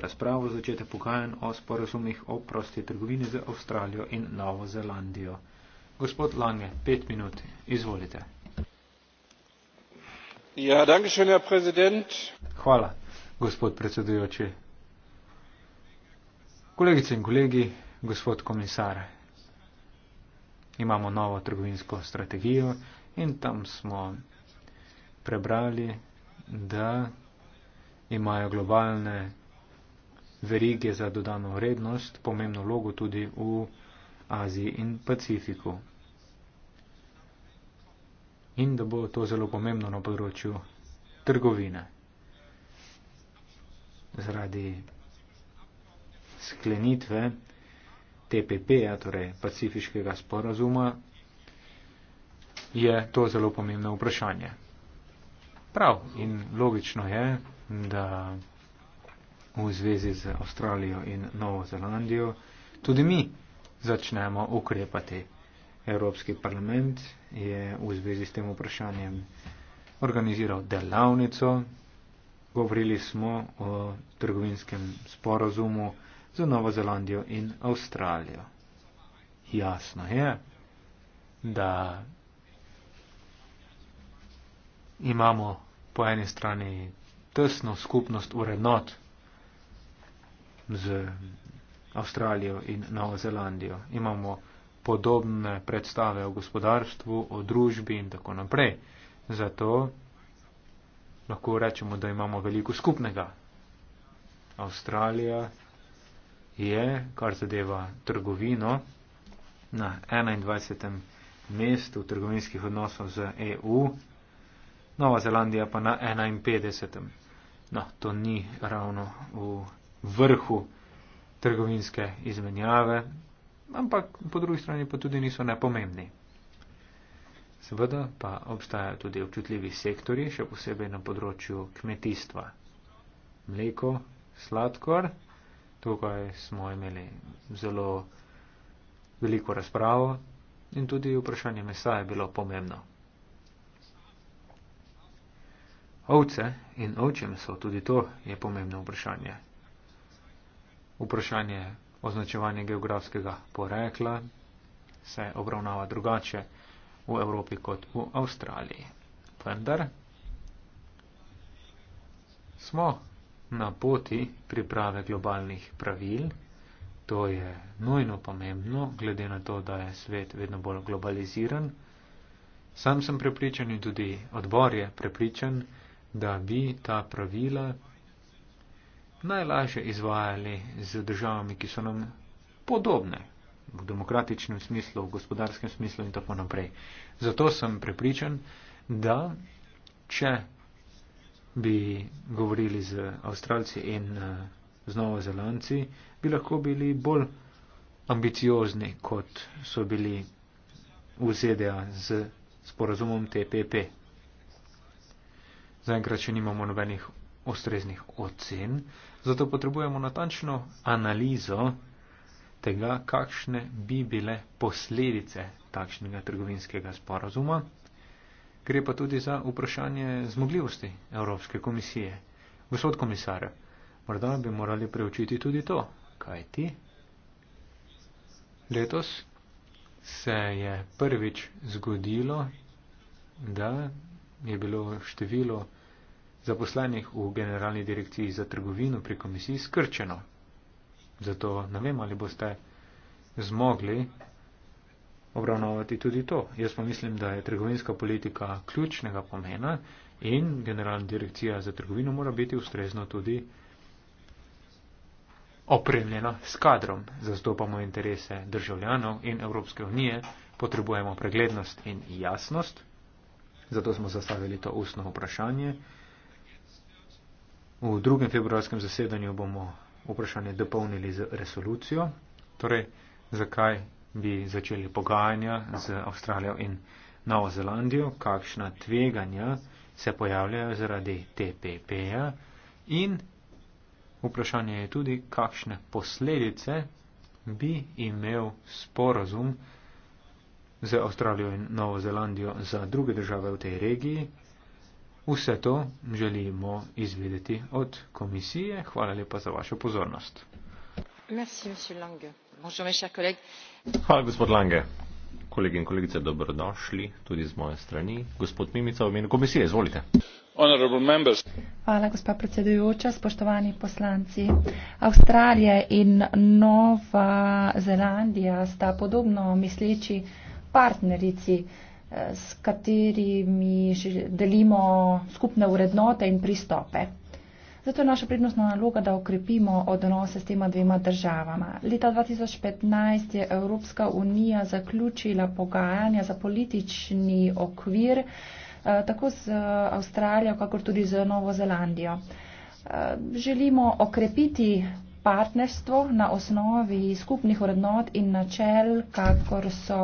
Razpravo začete pogajanj o sporazumih o prosti trgovini z Avstralijo in Novo Zelandijo. Gospod Lange, pet minut, izvolite. Ja, dankeschön, Herr Präsident. Hvala, gospod predsedujoči. Kolegice in kolegi, gospod komisar, imamo novo trgovinsko strategijo in tam smo prebrali, da imajo globalne verige za dodano vrednost pomembno vlogo tudi v Aziji in Pacifiku. In da bo to zelo pomembno na področju trgovine. Zaradi sklenitve TPP-ja, torej Pacifiškega sporazuma, je to zelo pomembno vprašanje. Prav in logično je, da v zvezi z Avstralijo in Novo Zelandijo, tudi mi začnemo ukrepati. Evropski parlament je v zvezi s tem vprašanjem organiziral delavnico, govorili smo o trgovinskem sporazumu za Novo Zelandijo in Avstralijo. Jasno je, da imamo po eni strani tesno skupnost vrednot, z Avstralijo in Novo Zelandijo. Imamo podobne predstave o gospodarstvu, o družbi in tako naprej. Zato lahko rečemo, da imamo veliko skupnega. Avstralija je, kar zadeva trgovino, na 21. mestu trgovinskih odnosov z EU, Nova Zelandija pa na 51. No, to ni ravno v vrhu trgovinske izmenjave, ampak po drugi strani pa tudi niso nepomembni. Seveda pa obstajajo tudi občutljivi sektori, še posebej na področju kmetijstva. Mleko, sladkor, tukaj smo imeli zelo veliko razpravo in tudi vprašanje mesa je bilo pomembno. Ovce in ovčje meso, tudi to je pomembno vprašanje vprašanje označevanja geografskega porekla se obravnava drugače v Evropi kot v Avstraliji. Vendar smo na poti priprave globalnih pravil. To je nujno pomembno, glede na to, da je svet vedno bolj globaliziran. Sam sem prepričan in tudi odbor je prepričan, da bi ta pravila najlažje izvajali z državami, ki so nam podobne v demokratičnem smislu, v gospodarskem smislu in tako naprej. Zato sem prepričan, da če bi govorili z Avstralci in eh, z Novo Zelanci, bi lahko bili bolj ambiciozni, kot so bili v ZDA z sporazumom TPP. Zaenkrat še nimamo nobenih ustreznih ocen, zato potrebujemo natančno analizo tega, kakšne bi bile posledice takšnega trgovinskega sporazuma. Gre pa tudi za vprašanje zmogljivosti Evropske komisije. Gospod komisar, morda bi morali preučiti tudi to, kaj ti? Letos se je prvič zgodilo, da je bilo število zaposlenih v generalni direkciji za trgovino pri komisiji skrčeno. Zato ne vem, ali boste zmogli obravnavati tudi to. Jaz pa mislim, da je trgovinska politika ključnega pomena in generalna direkcija za trgovino mora biti ustrezno tudi opremljena s kadrom. Zastopamo interese državljanov in Evropske unije, potrebujemo preglednost in jasnost. Zato smo zastavili to ustno vprašanje. V drugem februarskem zasedanju bomo vprašanje dopolnili z resolucijo, torej zakaj bi začeli pogajanja z Avstralijo in Novo Zelandijo, kakšna tveganja se pojavljajo zaradi TPP-ja in vprašanje je tudi, kakšne posledice bi imel sporazum z Avstralijo in Novo Zelandijo za druge države v tej regiji. Vse to želimo izvedeti od komisije. Hvala lepa za vašo pozornost. Hvala, gospod Lange. Kolegi in kolegice, dobrodošli tudi z moje strani. Gospod Mimica, v imenu komisije, izvolite. Hvala, gospa predsedujoča, spoštovani poslanci. Avstralija in Nova Zelandija sta podobno misleči partnerici s katerimi delimo skupne urednote in pristope. Zato je naša prednostna naloga, da okrepimo odnose s tema dvema državama. Leta 2015 je Evropska unija zaključila pogajanja za politični okvir eh, tako z Avstralijo, kakor tudi z Novo Zelandijo. Eh, želimo okrepiti partnerstvo na osnovi skupnih vrednot in načel, kakor so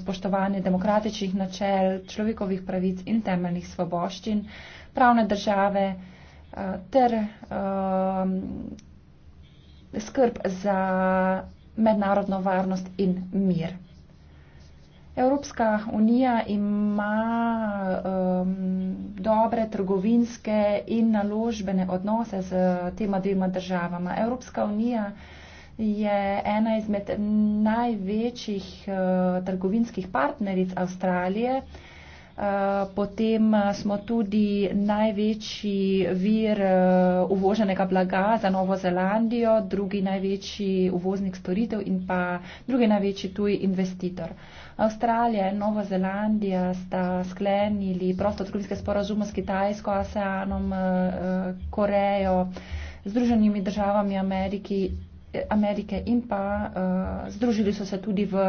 spoštovanje demokratičnih načel, človekovih pravic in temeljnih svoboščin, pravne države eh, ter um, skrb za mednarodno varnost in mir. Evropska unija ima um, dobre trgovinske in naložbene odnose z uh, tema dvema državama. Evropska unija je ena izmed največjih uh, trgovinskih partneric Avstralije. Uh, Eh, potem eh, smo tudi največji vir eh, uvoženega blaga za Novo Zelandijo, drugi največji uvoznik storitev in pa drugi največji tuji investitor. Avstralija in Nova Zelandija sta sklenili prostotrgovinske sporazume s Kitajsko, ASEANom, Korejo, Združenimi državami Ameriki, Amerike in pa združili so se tudi v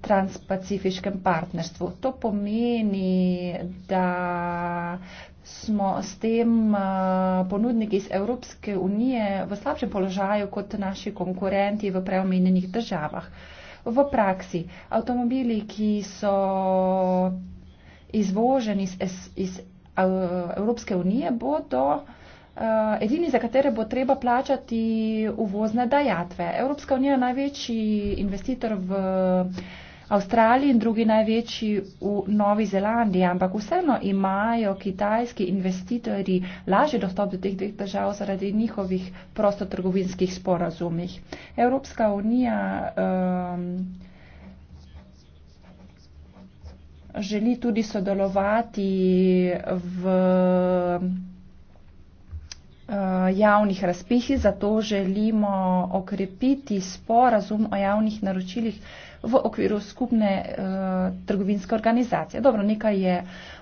transpacifiškem partnerstvu. To pomeni, da smo s tem eh, ponudniki iz Evropske unije v slabšem položaju kot naši konkurenti v preomenjenih državah. V praksi avtomobili, ki so izvoženi iz, iz, iz eh, Evropske unije, bodo uh, Eh, edini, za katere bo treba plačati uvozne dajatve. Evropska unija je največji investitor v Avstraliji in drugi največji v Novi Zelandiji, ampak vseeno imajo kitajski investitorji lažji dostop do teh dveh držav zaradi njihovih prostotrgovinskih sporazumih. Evropska unija um, želi tudi sodelovati v Eh, javnih razpisih, zato želimo okrepiti sporazum o javnih naročilih v okviru skupne uh, trgovinske organizacije. Dobro, nekaj je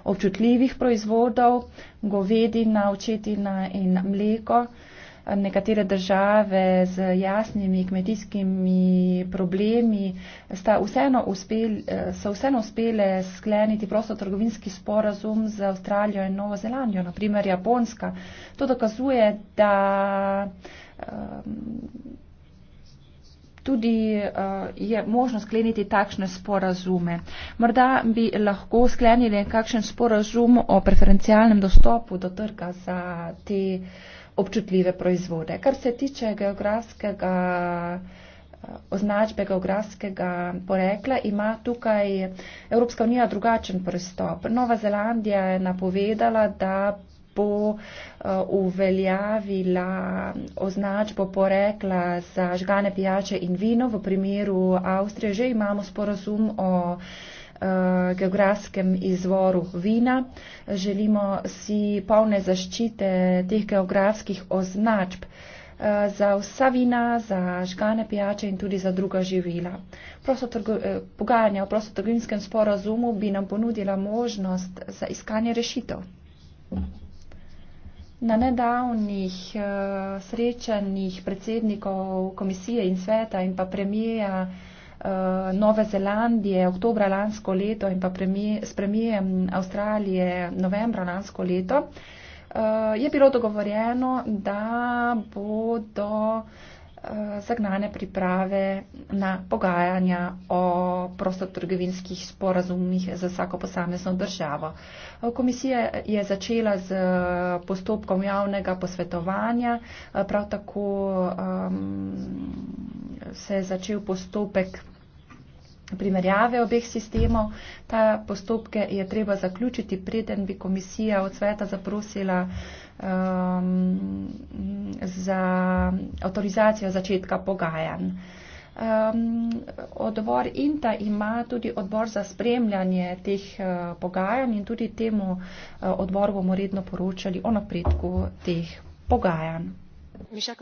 občutljivih proizvodov, govedina, očetina in mleko. Uh, nekatere države z jasnimi kmetijskimi problemi vseeno uspeli, so vseeno uspele skleniti prostotrgovinski sporazum z Avstralijo in Novo Zelandijo, naprimer Japonska. To dokazuje, da ehm, tudi eh, je možno skleniti takšne sporazume. Morda bi lahko sklenili kakšen sporazum o preferencialnem dostopu do trga za te uh, občutljive proizvode. Kar se tiče geografskega eh, označbe geografskega porekla, ima tukaj Evropska unija drugačen pristop. Nova Zelandija je napovedala, da bo eh, uveljavila označbo porekla za žgane pijače in vino. V primeru Avstrije že imamo sporozum o Eh, geografskem izvoru vina. Želimo si polne zaščite teh geografskih označb eh, za vsa vina, za žgane pijače in tudi za druga živila. Eh, pogajanja o prostotrgovinskem sporazumu bi nam ponudila možnost za iskanje rešitev. Na nedavnih srečanjih predsednikov komisije in sveta in pa premijeja Eh, Nove Zelandije oktobra lansko leto in pa premije, s premijem Avstralije novembra lansko leto, eh, je bilo dogovorjeno, da bodo Eh, zagnane priprave na pogajanja o prostotrgovinskih sporazumih za vsako posamezno državo. Eh, komisija je začela z eh, postopkom javnega posvetovanja, prav tako um, se je začel postopek primerjave obeh sistemov. Ta postopke je treba zaključiti, preden bi komisija od sveta zaprosila uh, um, za avtorizacijo začetka pogajanj. Um, odbor INTA ima tudi odbor za spremljanje teh uh, pogajanj in tudi temu uh, odboru bomo redno poročali o napredku teh pogajanj. Miša,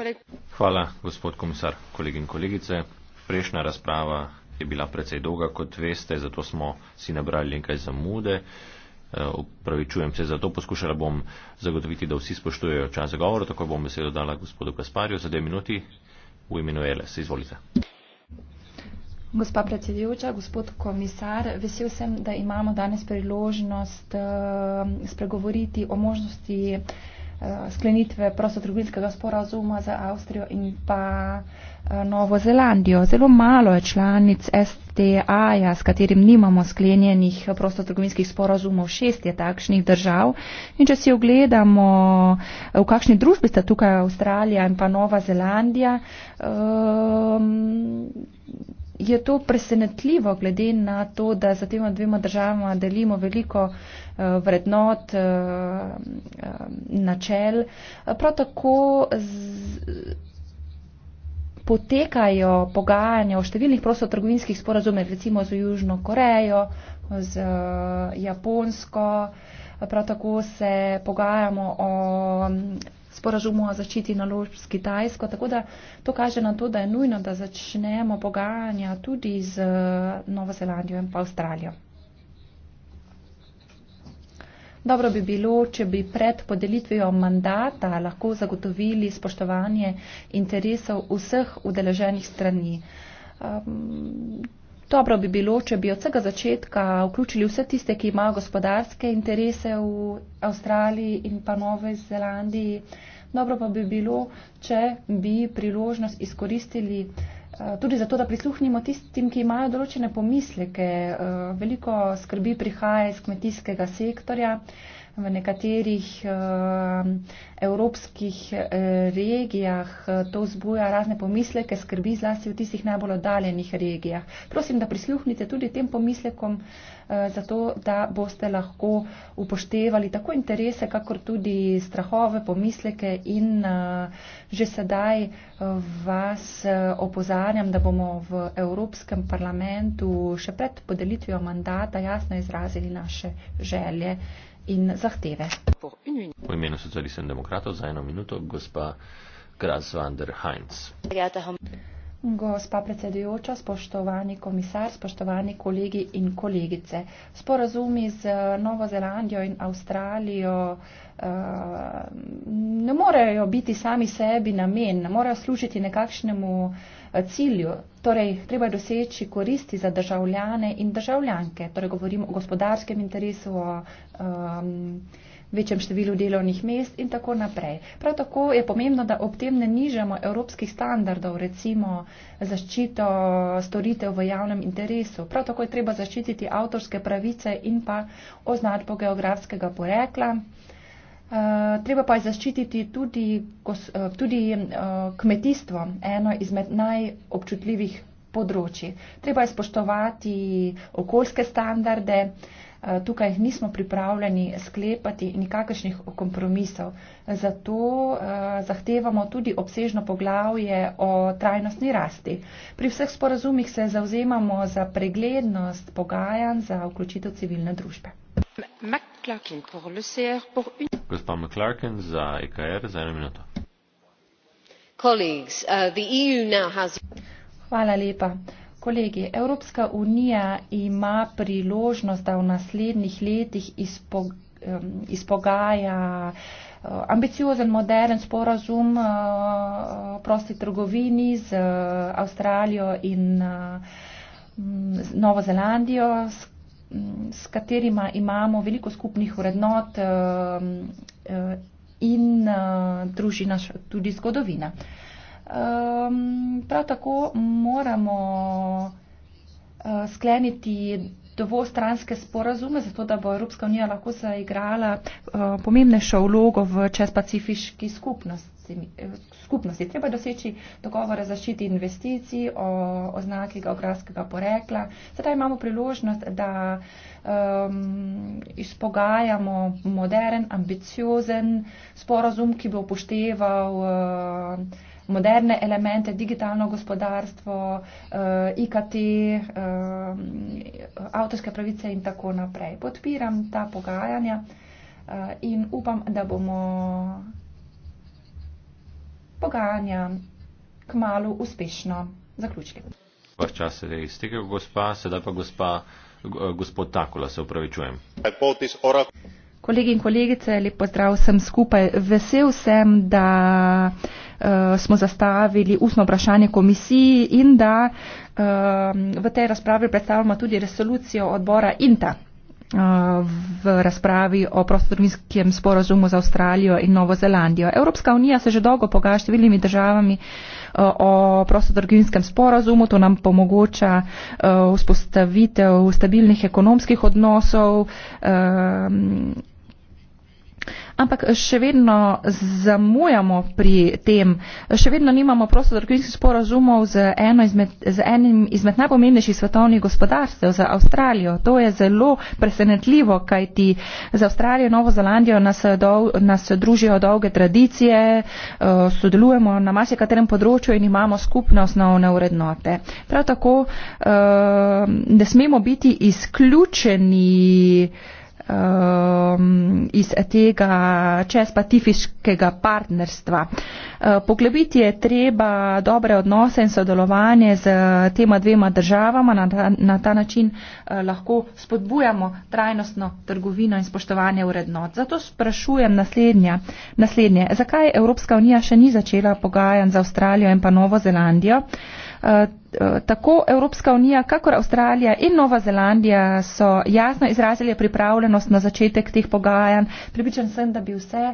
Hvala, gospod komisar, kolegi in kolegice. Prejšnja razprava je bila precej dolga, kot veste, zato smo si nabrali nekaj zamude. Uh, upravičujem eh, se za to, poskušala bom zagotoviti, da vsi spoštujejo čas za govor, tako bom besedo dala gospodu Kasparju za dve minuti v imenu LS. Izvolite. Gospa predsedujoča, gospod komisar, vesel sem, da imamo danes priložnost eh, spregovoriti o možnosti Eh, sklenitve prostotrgovinskega sporazuma za Avstrijo in pa eh, Novo Zelandijo. Zelo malo je članic STA-ja, s katerim nimamo sklenjenih prostotrgovinskih sporazumov, šest je takšnih držav. In če si ogledamo, eh, v kakšni družbi sta tukaj Avstralija in pa Nova Zelandija, um, je to presenetljivo, glede na to, da za tema dvema državama delimo veliko eh, vrednot, eh, eh, načel. Prav tako z, potekajo pogajanja o številnih prostotrgovinskih sporazumih, recimo z Južno Korejo, z Japonsko. Prav tako se pogajamo o sporažumu o zaščiti naložb s Kitajsko. Tako da to kaže na to, da je nujno, da začnemo pogajanja tudi z eh, Novo Zelandijo in pa Avstralijo. Dobro bi bilo, če bi pred podelitvijo mandata lahko zagotovili spoštovanje interesov vseh udeleženih strani. Um, Dobro bi bilo, če bi od vsega začetka vključili vse tiste, ki imajo gospodarske interese v Avstraliji in pa Novi Zelandiji. Dobro pa bi bilo, če bi priložnost izkoristili eh, tudi zato, da prisluhnimo tistim, ki imajo določene pomisleke. Eh, veliko skrbi prihaja iz kmetijskega sektorja v nekaterih uh, evropskih uh, regijah eh, to vzbuja razne pomisleke, skrbi zlasti v tistih najbolj oddaljenih regijah. Prosim, da prisluhnite tudi tem pomislekom, uh, zato da boste lahko upoštevali tako interese, kakor tudi strahove, pomisleke in uh, že sedaj vas opozarjam, da bomo v Evropskem parlamentu še pred podelitvijo mandata jasno izrazili naše želje in zahteve. V imenu socialistov in demokratov za eno minuto gospa Gras van der Heinz. Gospa predsedujoča, spoštovani komisar, spoštovani kolegi in kolegice. Sporazumi z Novo Zelandijo in Avstralijo uh, ne morejo biti sami sebi namen, ne morejo služiti nekakšnemu uh, cilju, torej treba doseči koristi za državljane in državljanke, torej govorimo o gospodarskem interesu, o um, večjem številu delovnih mest in tako naprej. Prav tako je pomembno, da ob tem ne nižamo evropskih standardov, recimo zaščito storitev v javnem interesu. Prav tako je treba zaščititi avtorske pravice in pa označbo geografskega porekla. Uh, Eh, treba pa je zaščititi tudi, eh, tudi eh, kmetijstvo, eno izmed najobčutljivih področji. Treba je spoštovati okoljske standarde, tukaj nismo pripravljeni sklepati nikakršnih kompromisov. Zato zahtevamo tudi obsežno poglavje o trajnostni rasti. Pri vseh sporazumih se zauzemamo za preglednost pogajanj za vključitev civilne družbe gospa mcclarkin za ekr za eno minuto. Uh, e kolegi evropska unija ima priložnost da v naslednjih letih um, izpogaja uh, ambiciozen moderen sporazum uh, o prosti trgovini z avstralijo in z novo zelandijo s Mm, s katerima imamo veliko skupnih vrednot eh, eh, in eh, druži naša tudi zgodovina. Ehm, prav tako moramo skleniti dvostranske sporazume, zato da bo Evropska unija lahko zaigrala uh, pomembnejšo vlogo v čezpacifiški skupnosti, eh, skupnosti. Treba doseči dogovore zaščiti investicij, o oznaki geografskega porekla. Sedaj imamo priložnost, da um, izpogajamo moderen, ambiciozen sporazum, ki bo upošteval uh, moderne elemente, digitalno gospodarstvo, uh, eh, IKT, uh, eh, avtorske pravice in tako naprej. Podpiram ta pogajanja uh, in upam, da bomo pogajanja k malu uspešno zaključili. Vrč čas se je iztekel, gospa, sedaj pa gospa, gospod Takula, se upravičujem. Hvala. Kolegi in kolegice, lep pozdrav vsem skupaj. Vesel sem, da uh, smo zastavili ustno vprašanje komisiji in da uh, v tej razpravi predstavljamo tudi resolucijo odbora INTA eh, v razpravi o prostorovinskem sporozumu za Avstralijo in Novo Zelandijo. Evropska unija se že dolgo pogaja s številnimi državami o prostorovinskem sporozumu. To nam pomogoča vzpostavitev stabilnih ekonomskih odnosov Ampak še vedno zamujamo pri tem, še vedno nimamo prostodrkinskih sporazumov z, izmed, z enim izmed najpomembnejših svetovnih gospodarstev, z Avstralijo. To je zelo presenetljivo, kajti z Avstralijo in Novo Zelandijo nas, dol, nas družijo dolge tradicije, eh, sodelujemo na marsikaterem področju in imamo skupne osnovne urednote. Prav tako eh, ne smemo biti izključeni um, iz tega čezpatifiškega partnerstva. Uh, poglebiti je treba dobre odnose in sodelovanje z tema dvema državama. Na ta, na ta način uh, lahko spodbujamo trajnostno trgovino in spoštovanje vrednot. Zato sprašujem naslednje, naslednje. Zakaj Evropska unija še ni začela pogajanj za Avstralijo in pa Novo Zelandijo? Uh, Eh, eh, tako Evropska unija, kakor Avstralija in Nova Zelandija so jasno izrazili pripravljenost na začetek teh pogajanj. Pripričan sem, da bi vse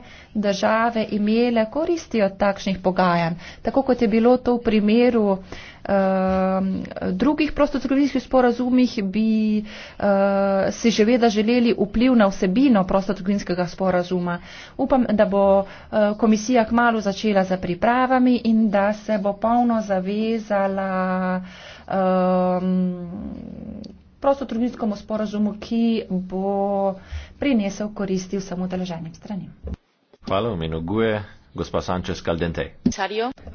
države imele koristi od takšnih pogajanj. Tako kot je bilo to v primeru uh, Ehm, drugih prostotrgovinskih sporazumih bi eh, si seveda že želeli vpliv na vsebino prostotrgovinskega sporazuma. Upam, da bo eh, komisija kmalo začela za pripravami in da se bo polno zavezala ehm, prostotrgovinskemu sporazumu, ki bo prinesel koristi vsem udeleženim stranim. Hvala, omenoguje. Gospa Sančes Kaldente.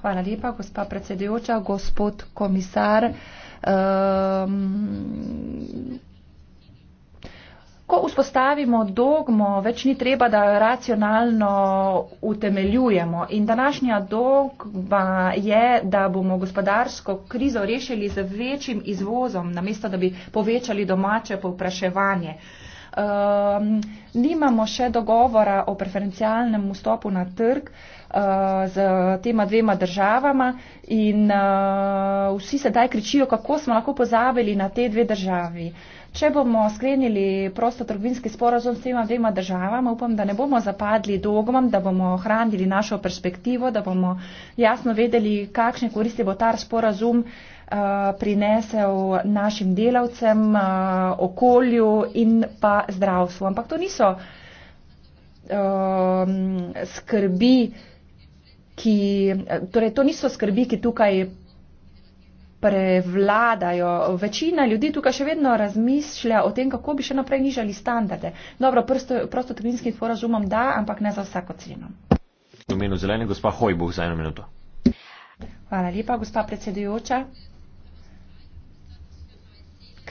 Hvala lepa, gospa predsedujoča, gospod komisar. Um, Ko vzpostavimo dogmo, več ni treba, da jo racionalno utemeljujemo. In današnja dogma je, da bomo gospodarsko krizo rešili z večjim izvozom, namesto da bi povečali domače povpraševanje. Uh, Um, nimamo še dogovora o preferencialnem vstopu na trg uh, z tema dvema državama in uh, vsi sedaj kričijo, kako smo lahko pozabili na te dve državi. Če bomo sklenili prostotrgovinski sporozum s tema dvema državama, upam, da ne bomo zapadli dogmam, da bomo ohranili našo perspektivo, da bomo jasno vedeli, kakšne koristi bo ta sporozum uh, Eh, prinesel našim delavcem, eh, okolju in pa zdravstvu. Ampak to niso ehm, skrbi, ki, torej to niso skrbi, ki tukaj prevladajo. Večina ljudi tukaj še vedno razmišlja o tem, kako bi še naprej nižali standarde. Dobro, prostotrbinskim sporazumom da, ampak ne za vsako ceno. V imenu zelene gospa Hojbuh za eno minuto. Hvala lepa, gospa predsedujoča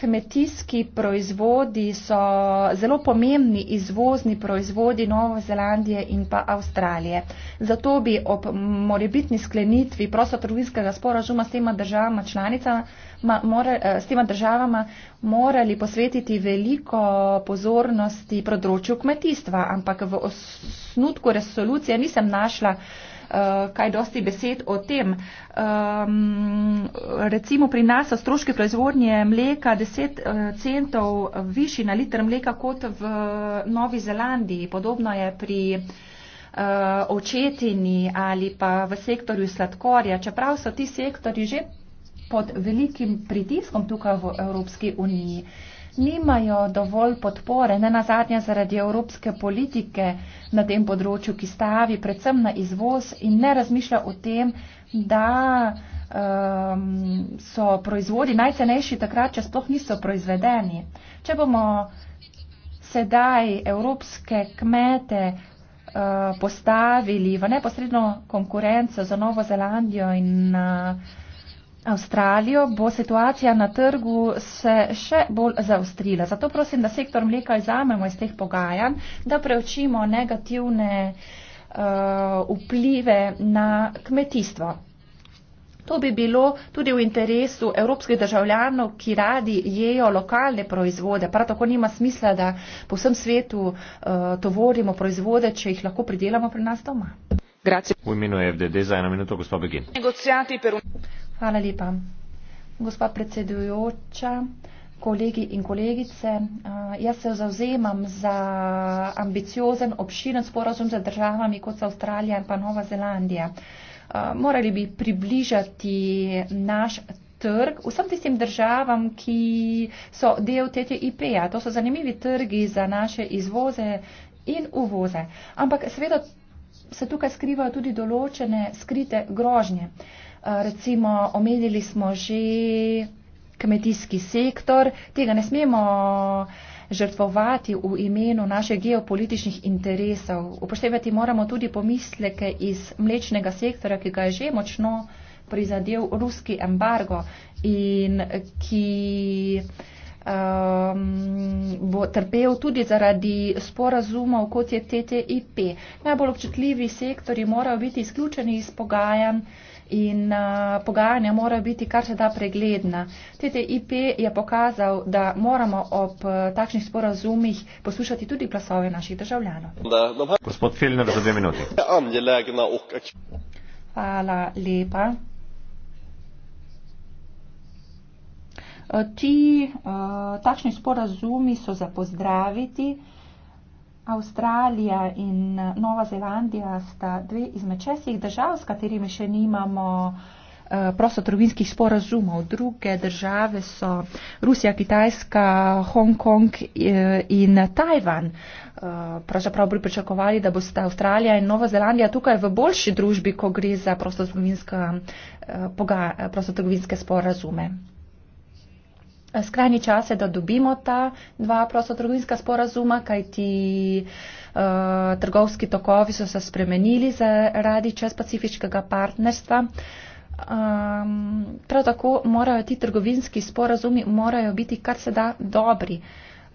kmetijski proizvodi so zelo pomembni izvozni proizvodi Nove Zelandije in pa Avstralije. Zato bi ob morebitni sklenitvi prostotrovinskega sporažuma s tema državama članicama, more, eh, s tema državama morali posvetiti veliko pozornosti področju kmetijstva, ampak v osnutku resolucije nisem našla uh, Eh, kaj dosti besed o tem. Um, recimo pri nas so stroški proizvodnje mleka 10 eh, centov višji na liter mleka kot v Novi Zelandiji. Podobno je pri uh, očetini ali pa v sektorju sladkorja, čeprav so ti sektori že pod velikim pritiskom tukaj v Evropski uniji. Uh, nimajo dovolj podpore, ne nazadnje zaradi evropske politike na tem področju, ki stavi predvsem na izvoz in ne razmišlja o tem, da um, so proizvodi najcenejši takrat, če sploh niso proizvedeni. Če bomo sedaj evropske kmete uh, postavili v neposredno konkurenco za Novo Zelandijo in uh, Avstralijo, bo situacija na trgu se še bolj zaostrila. Zato prosim, da sektor mleka izamemo iz teh pogajanj, da preučimo negativne uh, vplive na kmetijstvo. To bi bilo tudi v interesu evropskih državljanov, ki radi jejo lokalne proizvode. Prav tako nima smisla, da po vsem svetu uh, tovorimo proizvode, če jih lahko pridelamo pri nas doma. Grazie. V imenu FDD za eno minuto, gospod Begin. Hvala lepa. Gospa predsedujoča, kolegi in kolegice, jaz se zauzemam za ambiciozen, obširen sporozum za državami, kot so Avstralija in pa Nova Zelandija. Morali bi približati naš trg vsem tistim državam, ki so del TTIP-a. To so zanimivi trgi za naše izvoze in uvoze. Ampak seveda se tukaj skrivajo tudi določene skrite grožnje. Uh, Eh, recimo omenili smo že kmetijski sektor, tega ne smemo žrtvovati v imenu naših geopolitičnih interesov. Upoštevati moramo tudi pomisleke iz mlečnega sektora, ki ga je že močno prizadel ruski embargo in ki um, bo trpel tudi zaradi sporazumov, kot je TTIP. Najbolj občutljivi sektori morajo biti izključeni iz pogajanj in uh, pogajanja morajo biti kar se da pregledna. TTIP je pokazal, da moramo ob uh, takšnih sporazumih poslušati tudi glasove naših državljanov. Gospod Filner, za dve minuti. Hvala lepa. Ti uh, takšni sporazumi so za pozdraviti. Uh, Avstralija in eh, Nova Zelandija sta dve izmed česih držav, s katerimi še nimamo eh, prostotrovinskih sporazumov. Druge države so Rusija, Kitajska, Hongkong eh, in Tajvan. Pravzaprav bi pričakovali, da bosta Avstralija in Nova Zelandija tukaj v boljši družbi, ko gre za prostotrovinske sporazume. Eh, skrajni čase, da dobimo ta dva prostotrgovinska sporazuma, kajti uh, trgovski tokovi so se spremenili zaradi čezpacifiškega partnerstva. Um, prav tako morajo ti trgovinski sporazumi morajo biti kar se da dobri.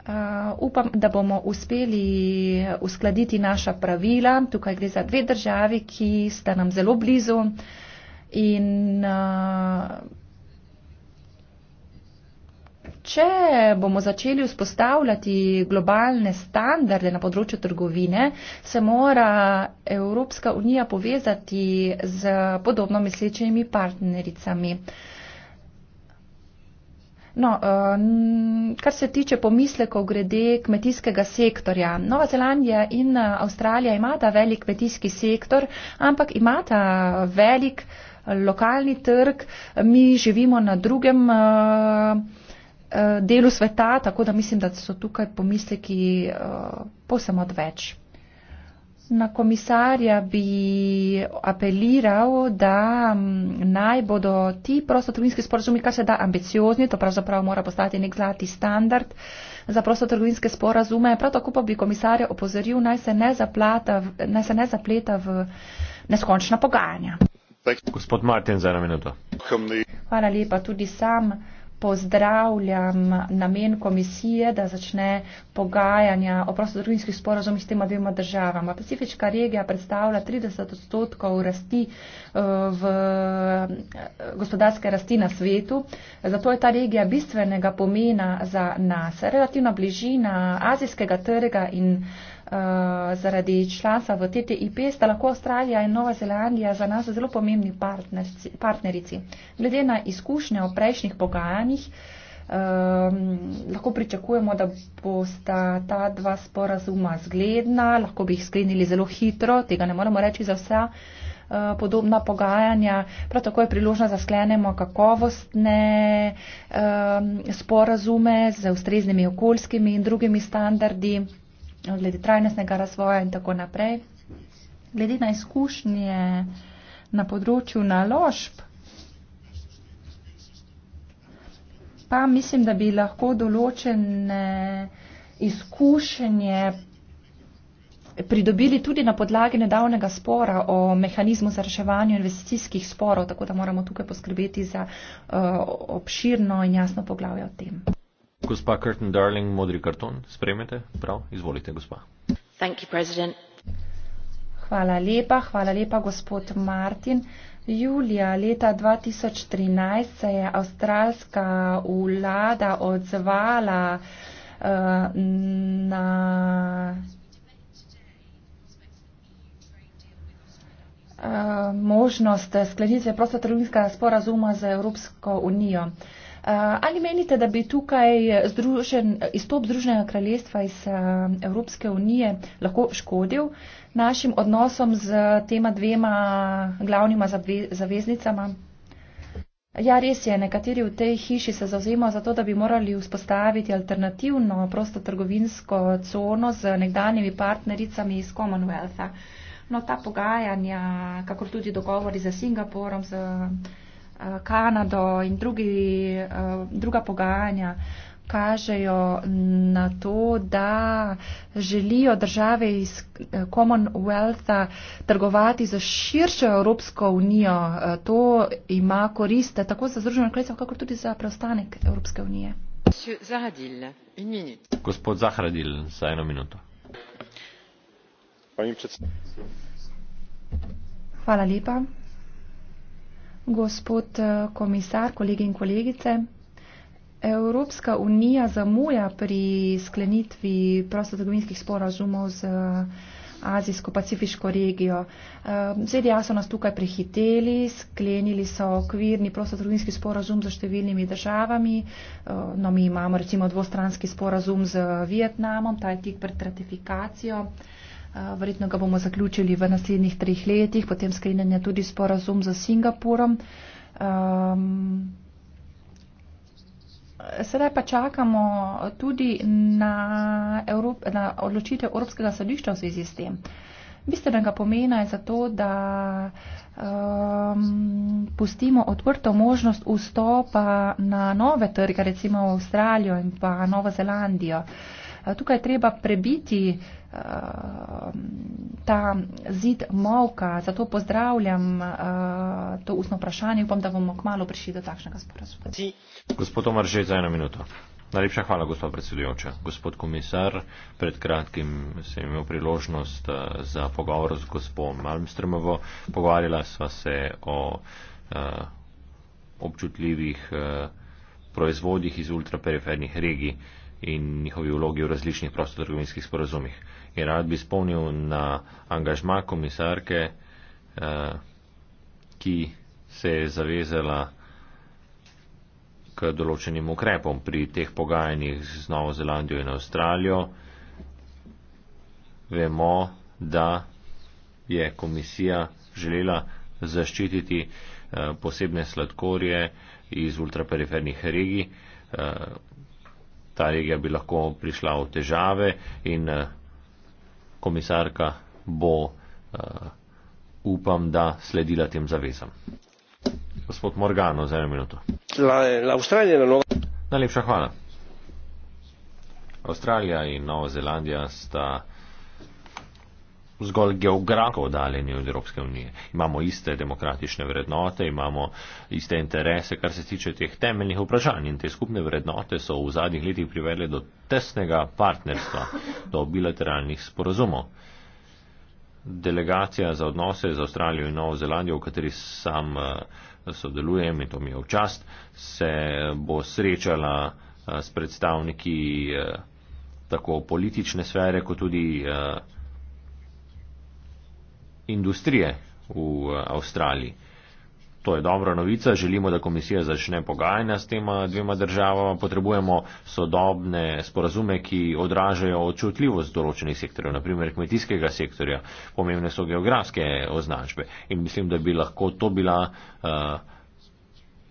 Uh, upam, da bomo uspeli uskladiti naša pravila. Tukaj gre za dve državi, ki sta nam zelo blizu in uh, če bomo začeli vzpostavljati globalne standarde na področju trgovine, se mora Evropska unija povezati z podobno mislečimi partnericami. No, eh, kar se tiče pomislekov grede kmetijskega sektorja. Nova Zelandija in eh, Avstralija imata velik kmetijski sektor, ampak imata velik eh, lokalni trg. Mi živimo na drugem. Eh, delu sveta, tako da mislim, da so tukaj pomisleki uh, eh, posem odveč. Na komisarja bi apeliral, da mm, naj bodo ti prostotrgovinski sporazumi, kar se da ambiciozni, to pravzaprav mora postati nek zlati standard za prostotrgovinske sporazume. Prav tako pa bi komisarja opozoril, naj se ne, zaplata, naj se ne zapleta v neskončna pogajanja. Gospod Martin, za eno minuto. Hvala lepa tudi sam pozdravljam namen komisije, da začne pogajanja o prostotrgovinskih sporozumih s tema dvema državama. Pacifička regija predstavlja 30 odstotkov rasti eh, v eh, gospodarske rasti na svetu, zato je ta regija bistvenega pomena za nas. Relativna bližina azijskega trga in uh, Eh, zaradi članstva v TTIP sta lahko Avstralija in Nova Zelandija za nas zelo pomembni partnerici. Glede na izkušnje o prejšnjih pogajanjih ehm, lahko pričakujemo, da bosta ta dva sporazuma zgledna, lahko bi jih sklenili zelo hitro, tega ne moremo reči za vsa eh, podobna pogajanja. Prav tako je priložnost, da sklenemo kakovostne um, sporazume z ustreznimi okoljskimi in drugimi standardi glede trajnostnega razvoja in tako naprej. Glede na izkušnje na področju naložb, pa mislim, da bi lahko določene izkušnje pridobili tudi na podlagi nedavnega spora o mehanizmu za reševanje investicijskih sporov, tako da moramo tukaj poskrbeti za uh, obširno in jasno poglavje o tem gospa Curtin Darling, modri karton. Spremete? Prav, izvolite, gospa. Thank you, president. Hvala lepa, hvala lepa, gospod Martin. Julija leta 2013 se je avstralska vlada odzvala uh, na. Eh, možnost sklenitve prostotrgovinskega sporazuma z Evropsko unijo. Uh, Eh, ali menite, da bi tukaj združen, izstop Združenega kraljestva iz eh, Evropske unije lahko škodil našim odnosom z tema dvema glavnima zaveznicama? Ja, res je, nekateri v tej hiši se zauzemajo za to, da bi morali vzpostaviti alternativno prosto trgovinsko cono z nekdanjimi partnericami iz Commonwealtha. No, ta pogajanja, kakor tudi dogovori za Singapurom, z Singapurom, Kanado in drugi, eh, druga pogajanja kažejo na to, da želijo države iz eh, Commonwealtha trgovati za širšo Evropsko unijo. Eh, to ima koriste tako za Združeno kraljestvo, kakor tudi za preostanek Evropske unije. Gospod Zahradil, za eno minuto. Hvala lepa. Gospod eh, komisar, kolegi in kolegice, Evropska unija zamuja pri sklenitvi prostotrgovinskih sporazumov z eh, Azijsko-Pacifiško regijo. Eh, ZDA so nas tukaj prehiteli, sklenili so okvirni prostotrgovinski sporazum z številnimi državami. No, mi imamo recimo dvostranski sporazum z Vietnamom, ta je tik pred ratifikacijo. Eh, verjetno ga bomo zaključili v naslednjih treh letih, potem sklenjen je tudi sporazum za Singapurom. Um, sedaj pa čakamo tudi na, Evrop, na odločitev Evropskega sodišča v zvezi s tem. Bistvenega pomena je zato, da um, pustimo odprto možnost vstopa na nove trge, recimo Avstralijo in pa Novo Zelandijo. Uh, Eh, tukaj treba prebiti eh, ta zid molka, zato pozdravljam eh, to ustno vprašanje, upam, da bomo kmalo prišli do takšnega sporazuma. Gospod Omar, že za eno minuto. Najlepša hvala, gospod predsedujoča. Gospod komisar, pred kratkim sem imel priložnost za pogovor z gospod Malmstrmovo. Pogovarjala sva se o občutljivih proizvodih iz ultraperifernih regij in njihovi vlogi v različnih prostotrgovinskih sporazumih. In rad bi spomnil na angažma komisarke, eh, ki se je zavezala k določenim ukrepom pri teh pogajanjih z Novo Zelandijo in Avstralijo. Vemo, da je komisija želela zaščititi eh, posebne sladkorje iz ultraperifernih regij eh, ta regija bi lahko prišla v težave in eh, komisarka bo, eh, upam, da sledila tem zavezam. Gospod Morgano, za eno minuto. Najlepša hvala. Avstralija in Nova Zelandija sta zgolj geografsko oddaljeni od Evropske unije. Imamo iste demokratične vrednote, imamo iste interese, kar se tiče teh temeljnih vprašanj. In te skupne vrednote so v zadnjih letih privedle do tesnega partnerstva, do bilateralnih sporazumov. Delegacija za odnose z Avstralijo in Novo Zelandijo, v kateri sam eh, sodelujem in to mi je v čast, se bo srečala eh, s predstavniki eh, tako politične sfere, kot tudi industrije v eh, Avstraliji. To je dobra novica, želimo, da komisija začne pogajanja s tema dvema državama, potrebujemo sodobne sporazume, ki odražajo očutljivost določenih sektorjev, naprimer kmetijskega sektorja, pomembne so geografske označbe in mislim, da bi lahko to bila uh,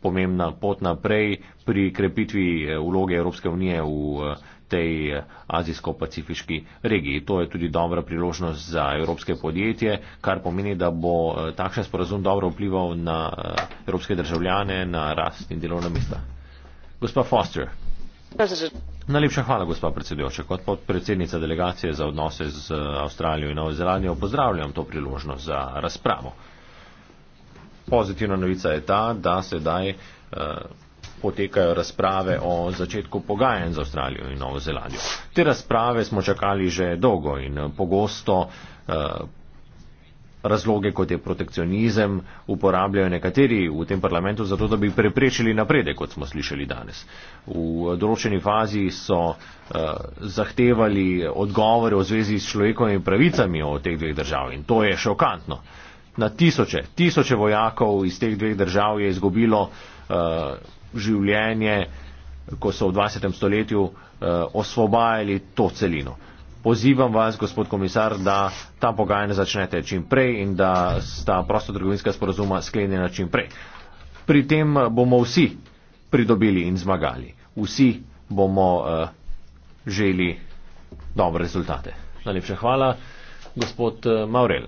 pomembna pot naprej pri krepitvi uloge eh, Evropske unije v uh, tej eh, azijsko-pacifiški regiji. To je tudi dobra priložnost za evropske podjetje, kar pomeni, da bo eh, takšen sporazum dobro vplival na eh, evropske državljane, na rast in delovna mesta. Gospa Foster. Najlepša hvala, gospa predsedujoča. Kot podpredsednica delegacije za odnose z Avstralijo in Novo Zelandijo pozdravljam to priložnost za razpravo. Pozitivna novica je ta, da se daj. Uh, potekajo razprave o začetku pogajanj za Avstralijo in Novo Zelandijo. Te razprave smo čakali že dolgo in eh, pogosto eh, razloge, kot je protekcionizem, uporabljajo nekateri v tem parlamentu zato, da bi preprečili napredek, kot smo slišali danes. V eh, določeni fazi so uh, zahtevali odgovore v zvezi s človekovimi pravicami o teh dveh držav in to je šokantno. Na tisoče, tisoče vojakov iz teh dveh držav je izgubilo uh, življenje, ko so v 20. stoletju eh, osvobajali to celino. Pozivam vas, gospod komisar, da ta pogajanja začnete čim prej in da sta prostotrgovinska sporozuma sklenjena čim prej. Pri tem eh, bomo vsi pridobili in zmagali. Vsi bomo uh, želi dobre rezultate. Najlepša hvala, gospod Maurel.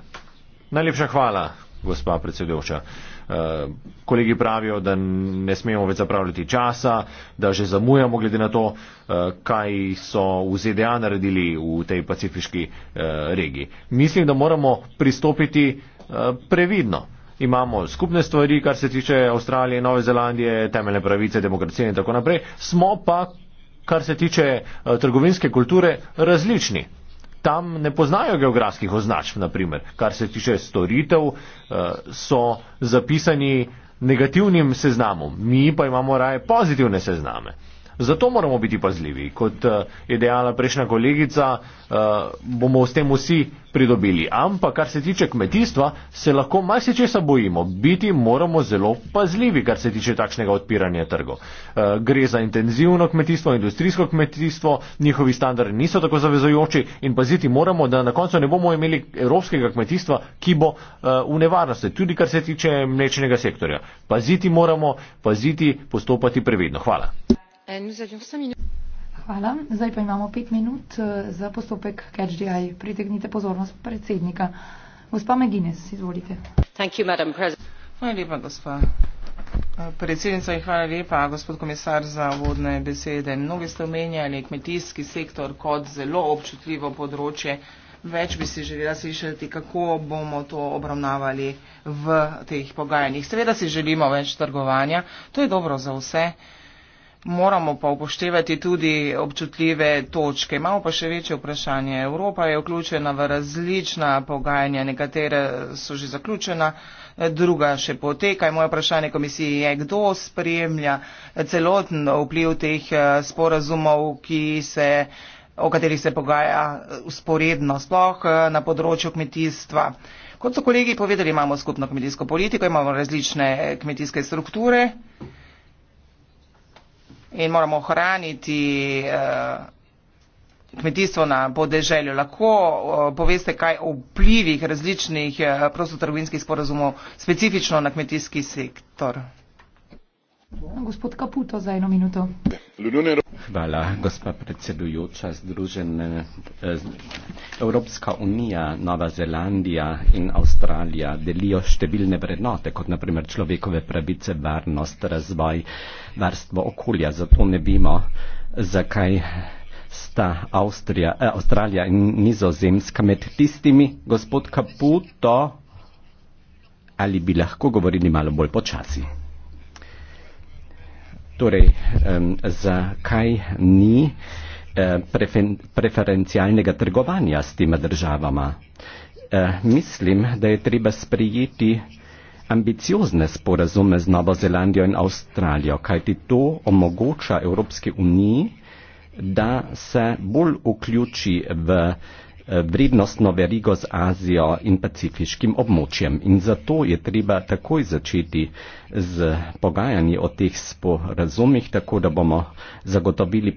Najlepša hvala, gospa predsedujoča. Eh, kolegi pravijo, da ne smemo več zapravljati časa, da že zamujamo glede na to, eh, kaj so v ZDA naredili v tej pacifiški eh, regiji. Mislim, da moramo pristopiti previdno. Imamo skupne stvari, kar se tiče Avstralije, Nove Zelandije, temeljne pravice, demokracije in tako naprej. Smo pa, kar se tiče trgovinske kulture, različni tam ne poznajo geografskih označb, naprimer, kar se tiče storitev, eh, so zapisani negativnim seznamom, mi pa imamo raje pozitivne sezname. Zato moramo biti pazljivi. Kot eh, je dejala prejšnja kolegica, eh, bomo s tem vsi pridobili. Ampak, kar se tiče kmetijstva, se lahko malce česa bojimo. Biti moramo zelo pazljivi, kar se tiče takšnega odpiranja trgov. Eh, gre za intenzivno kmetijstvo, industrijsko kmetijstvo, njihovi standardi niso tako zavezojoči in paziti moramo, da na koncu ne bomo imeli evropskega kmetijstva, ki bo v nevarnosti, tudi kar se tiče mlečnega sektorja. Paziti moramo, paziti, postopati previdno. Hvala. Eh, hvala. Zdaj pa imamo pet minut eh, za postopek CatchDI. Pritegnite pozornost predsednika. Gospa McGuinness, izvolite. Hvala lepa, gospa eh, predsednica in hvala lepa, gospod komisar, za vodne besede. Mnogi ste omenjali kmetijski sektor kot zelo občutljivo področje. Več bi si želela slišati, kako bomo to obravnavali v teh pogajanjih. Seveda si želimo več trgovanja. To je dobro za vse moramo pa upoštevati tudi občutljive točke. Imamo pa še večje vprašanje. Evropa je vključena v različna pogajanja, nekatere so že zaključena, druga še poteka. Moje vprašanje komisiji je, kdo spremlja celoten vpliv teh eh, sporazumov, se, o katerih se pogaja usporedno, sploh eh, na področju kmetijstva. Kot so kolegi povedali, imamo skupno kmetijsko politiko, imamo različne kmetijske strukture in moramo ohraniti eh, kmetijstvo na podeželju. Lahko eh, poveste, kaj o vplivih različnih eh, prostotrgovinskih sporazumov specifično na kmetijski sektor? Gospod Kaputo za eno minuto. Hvala, gospa predsedujoča. Združene, eh, Evropska unija, Nova Zelandija in Avstralija delijo številne vrednote, kot naprimer človekove pravice, varnost, razvoj, varstvo okolja. Zato ne vemo, zakaj sta Avstrija, eh, Avstralija in Nizozemska med tistimi, gospod Kaputo, ali bi lahko govorili malo bolj počasi. Torej, um, zakaj ni uh, preferencialnega trgovanja s tima državama? Uh, mislim, da je treba sprijeti ambiciozne sporazume z Novo Zelandijo in Avstralijo, kajti to omogoča Evropski uniji, da se bolj vključi v uh, vrednostno verigo z Azijo in pacifiškim območjem. In zato je treba takoj začeti z pogajanji o teh sporazumih, tako da bomo zagotovili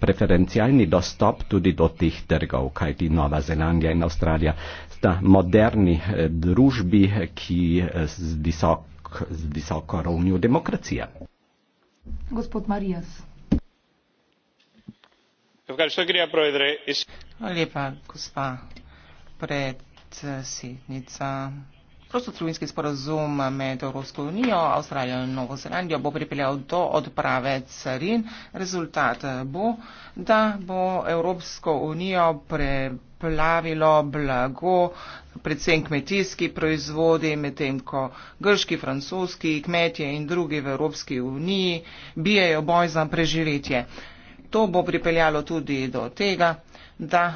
preferencialni dostop tudi do teh trgov, kajti Nova Zelandija in Avstralija sta moderni eh, družbi, ki eh, z, visok, z visoko ravnjo demokracije. Gospod Marijas. Hvala lepa, gospa predsednica. Prostotrovinski sporazum med Evropsko unijo, Avstralijo in Novo Zelandijo bo pripeljal do odprave carin. Rezultat bo, da bo Evropsko unijo preplavilo blago, predvsem kmetijski proizvodi, medtem ko grški, francoski, kmetje in drugi v Evropski uniji bijajo boj za preživetje. To bo pripeljalo tudi do tega, da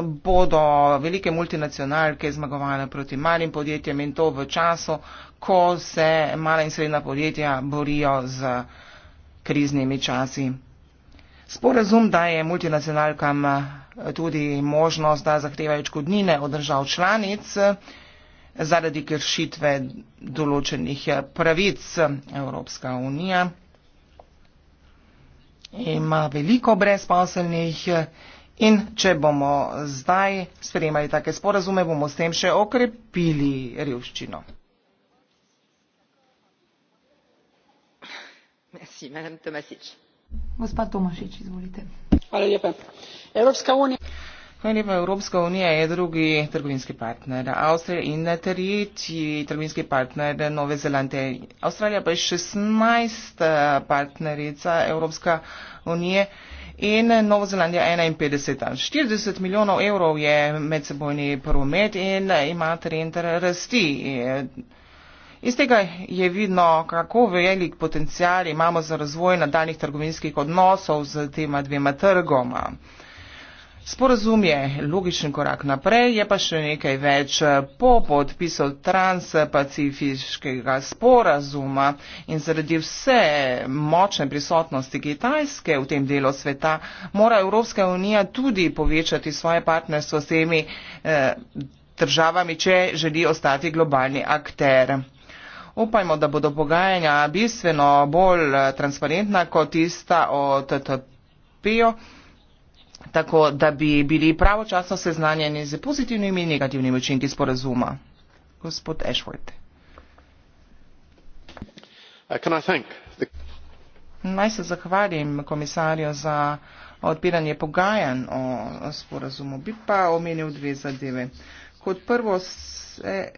bodo velike multinacionalke zmagovale proti malim podjetjem in to v času, ko se mala in srednja podjetja borijo z kriznimi časi. Sporazum daje multinacionalkam tudi možnost, da zahtevajo škodnine od držav članic zaradi kršitve določenih pravic. Evropska unija ima veliko brezposelnih. In če bomo zdaj sprejemali take sporazume, bomo s tem še okrepili revščino. Gospa Tomašič, izvolite. Hvala lepa. Evropska unija. Hvala no lepa. Evropska unija je drugi trgovinski partner Avstrije in tretji trgovinski partner Nove Zelande. Avstralija pa je 16 eh, partnerica Evropske unije in Nova Zelandija 51. 40 milijonov evrov je medsebojni promet in eh, ima trend rasti. Eh, iz tega je vidno, kako velik potencial imamo za razvoj nadaljnih trgovinskih odnosov z tema dvema trgoma. Sporazum je logičen korak naprej, je pa še nekaj več po podpisu transpacifiškega sporazuma in zaradi vse močne prisotnosti Kitajske v tem delu sveta mora Evropska unija tudi povečati svoje partnerstvo s temi eh, državami, če želi ostati globalni akter. Upajmo, da bodo pogajanja bistveno bolj eh, transparentna kot tista o TTP-ju tako da bi bili pravočasno seznanjeni z pozitivnimi in negativnimi učinki sporazuma. Gospod Ashworth. Uh, Naj se zahvalim komisarju za odpiranje pogajanj o sporazumu. Bi pa omenil dve zadeve. Kot prvo se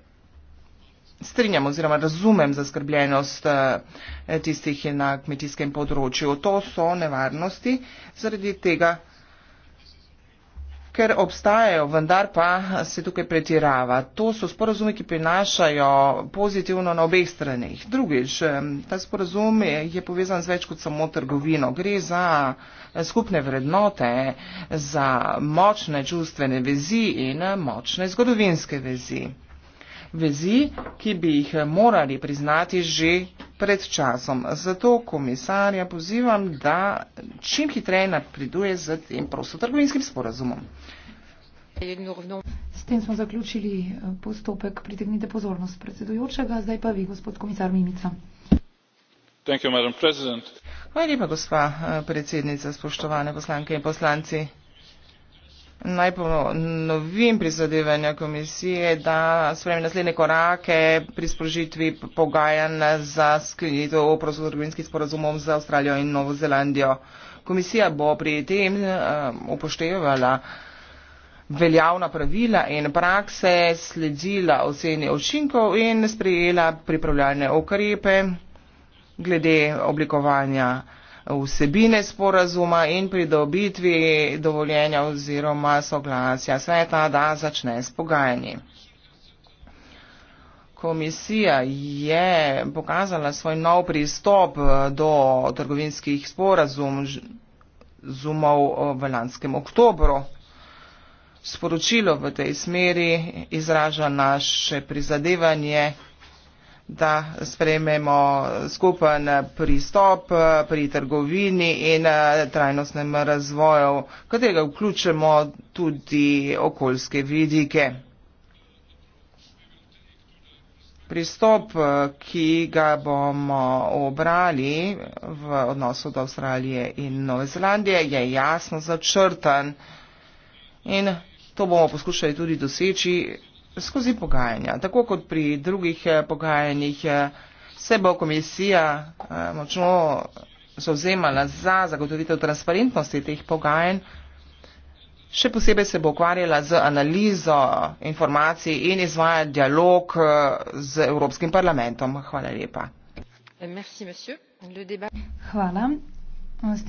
strinjam oziroma razumem zaskrbljenost eh, tistih na kmetijskem področju. To so nevarnosti, zaradi tega ker obstajajo, vendar pa se tukaj pretirava. To so sporozumi, ki prinašajo pozitivno na obeh stranih. Drugič, ta sporozum je povezan z več kot samo trgovino. Gre za skupne vrednote, za močne čustvene vezi in močne zgodovinske vezi vezi, ki bi jih morali priznati že pred časom. Zato komisarja pozivam, da čim hitreje napreduje z tem prostotrgovinskim sporazumom. S tem smo zaključili eh, postopek. Pritegnite pozornost predsedujočega, zdaj pa vi, gospod komisar Mimica. Hvala lepa, gospa eh, predsednica, spoštovane poslanke in poslanci. Naj ponovim prizadevanja komisije, da spremi naslednje korake pri sprožitvi pogajanj za sklenitev prostotrgovinskih sporazumov za Avstralijo in Novo Zelandijo. Komisija bo pri tem um, upoštevala veljavna pravila in prakse, sledila oceni očinkov in sprejela pripravljalne ukrepe glede oblikovanja vsebine sporazuma in pridobitvi dovoljenja oziroma soglasja sveta, da začne s pogajanji. Komisija je pokazala svoj nov pristop do trgovinskih sporazumov eh, v lanskem oktobru. Sporočilo v tej smeri izraža naše prizadevanje da sprejmemo skupen pristop pri trgovini in eh, trajnostnem razvoju, katerega vključimo tudi okoljske vidike. Pristop, ki ga bomo obrali v odnosu do Avstralije in Nove Zelandije, je jasno začrtan in to bomo poskušali tudi doseči skozi pogajanja. Tako kot pri drugih eh, pogajanjih eh, se bo komisija eh, močno zauzemala za zagotovitev transparentnosti teh pogajanj. Še posebej se bo ukvarjala z analizo informacij in izvaja dialog z Evropskim parlamentom. Hvala lepa. Hvala.